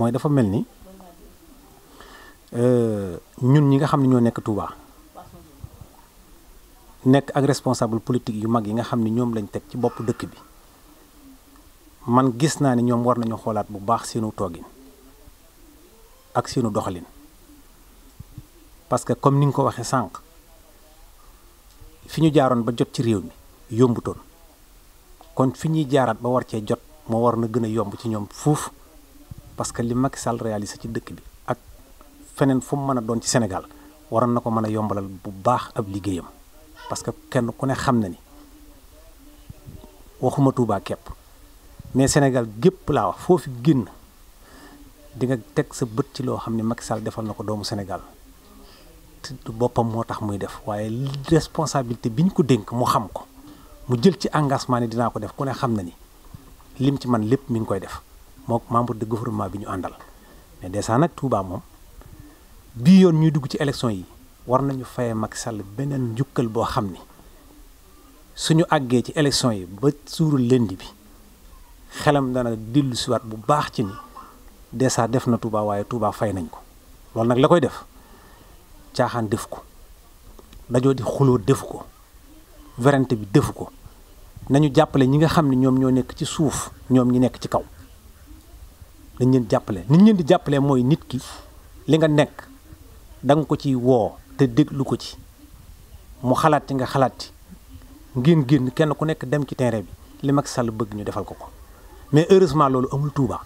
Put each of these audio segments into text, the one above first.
mooy dafa mel ni euh, ñun ñi nga xam ne ñoo nekk Touba nekk ak responsable politique yu mag yi nga xam ne ñoom lañ teg ci bopp dëkk bi man gis naa ne ñoom war nañu xoolaat bu baax seenu toogin ak seenu doxalin parce que comme ni nga ko waxee sànq fi ñu jaaroon ba jot ci réew mi yombutoon kon fi ñuy jaaraat ba war cee jot moo war na gën a yomb ci ñoom fuuf parce que li Macky Sall réalisé ci dëkk bi ak feneen fu mu mën a doon ci senegal waroon na ko mën a yombalal bu baax ab liggéeyam parce que kenn ku ne xam na ni waxuma Touba képp mais Sénégal gépp laa wax foofu génn di nga teg sa bët ci loo xam ne Macky Sall defal na ko doomu Sénégal te boppam moo tax muy def waaye li responsabilité bi ñu ko dénk mu xam ko mu jël ci engagement ni dinaa ko def ku ne xam na ni lim ci man lépp mu ngi koy def moo membre de gouvernement bi ñu àndal mais dèjà nag Touba moom bii yoon ñuy dugg ci élection yi war nañu faye mag Sall beneen njukkal boo xam ni suñu àggee ci élection yi ba suuru lënd bi xelam dana dillu siwaat bu baax ci ni dèjà def na Touba waaye Touba fay nañ ko loolu nag la koy def caaxaan def ko dajoo di xuloo defu ko werante bi defu ko nañu jàppale ñi nga xam ne ñoom ñoo nekk ci suuf ñoom ñi nekk ci kaw dañ leen jàppale ni ñu leen di jàppale mooy nit ki li nga nekk da nga ko ci woo te déglu ko ci mu xalaat ci nga xalaat ci ngeen génn kenn ku nekk dem ci terrain bi li Macky Sall bëgg ñu defal ko ko mais heureusement loolu amul Touba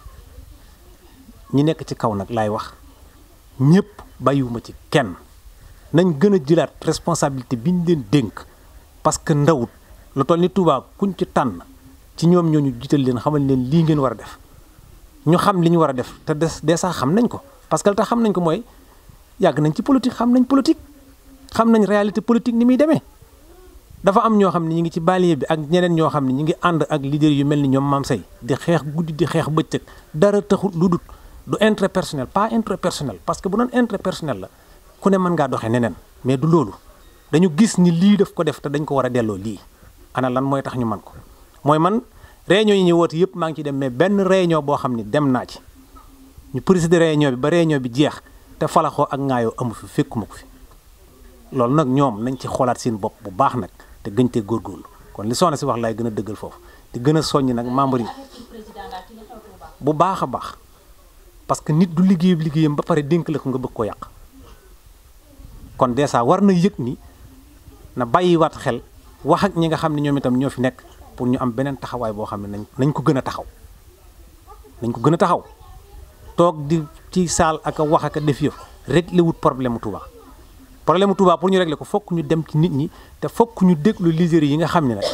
ñi nekk ci kaw nag laay wax ñëpp bàyyiwuma ci kenn nañ gën a jëlaat responsabilité bi ñu leen dénk parce que ndawut la toll ni Touba kuñ ci tànn ci ñoom ñooñu jiital leen xamal leen lii ngeen war a def ñu xam li ñu war a def te des des sax xam nañ ko parce que li tax xam nañ ko mooy yàgg nañ ci politique xam nañ politique xam nañ réalité politique ni muy demee dafa am ñoo xam ne ñu ngi ci banlieue bi ak ñeneen ñoo xam ne ñu ngi ànd ak leader yu mel ni ñoom Mame Saye di xeex guddi di xeex bëccëg dara taxul lu dul du intre personnel pas intre personnel parce que bu doon intérêt personnel la ku ne mën ngaa doxee neneen mais du loolu dañu gis ni lii def ko def te dañ ko war a delloo lii ana lan mooy tax ñu man ko mooy réunion yi ñu woote yëpp maa ngi ci dem mais benn réunion boo xam ne dem naa ci ñu présider réunion bi ba réunion bi jeex te falaxoo ak ngaayoo amu fi fekkuma ko fi loolu nag ñoom nañ ci xoolaat seen bopp bu baax nag te gëñ gën góor góorgóorlu kon li soxna si wax laay gën a dëggal foofu te gën a soññ nag membre yi bu baax a baax parce que nit du liggéeyu liggéeyam ba pare dénk la ko nga bëgg ko yàq kon dèjà war na yëg ni na bàyyiwaat xel wax ak ñi nga xam ne ñoom itam ñoo fi nekk pour ñu am beneen taxawaay boo xam ne nañ ko gën a taxaw nañ ko gën a taxaw toog di ci saal ak wax ak a def yëf réglé wut problème mu Touba problème mu Touba pour ñu réglé ko fokk ñu dem ci nit ñi te fokk ñu déglu leaders yi nga xam ne nag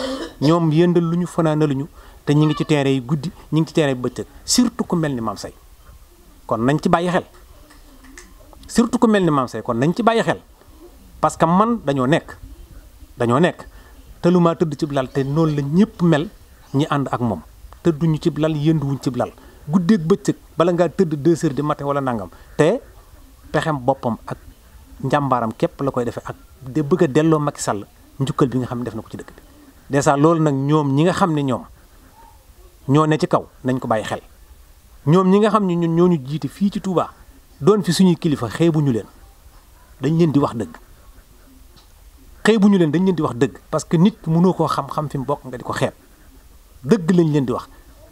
ñoom yëndal lu ñu fanaanaluñu te ñu ngi ci terrain yi guddi ñu ngi ci terrain yi bëccëg surtout ku mel ni Mame Say kon nañ ci bàyyi xel surtout ku mel ni Mame Say kon nañ ci bàyyi xel parce que man dañoo nekk dañoo nekk. tëlumaa tëdd cib lal te noonu lañ ñëpp mel ñi ànd ak moom tëdduñu cib lal yënduwuñ cib lal guddeeg bëccëg bala ngaa tëdd deux heures du matin wala nangam te pexem boppam ak njàmbaaram képp la koy defee ak de bëgg a delloo Macky Sall njukkal bi nga xam ne def na ko ci dëkk bi dèjà loolu nag ñoom ñi nga xam ne ñoom ñoo ne ci kaw nañ ko bàyyi xel ñoom ñi nga xam ne ñun ñoo ñu jiite fii ci Touba doon fi suñuy kilifa xeebuñu leen dañ leen di wax dëgg xëy bu ñu leen dañ leen di wax dëgg parce que nit munoo koo xam-xam fi mu bokk nga di ko xeeb dëgg lañ leen di wax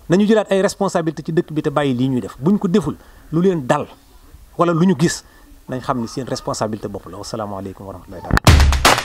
nañu jëlaat ay responsabilité ci dëkk bi te bàyyi lii ñuy def bu ñu ko deful lu leen dal wala lu ñu gis nañ xam ni seen responsabilité bopp la wasalaamaaleykum wa rahmatullahi taala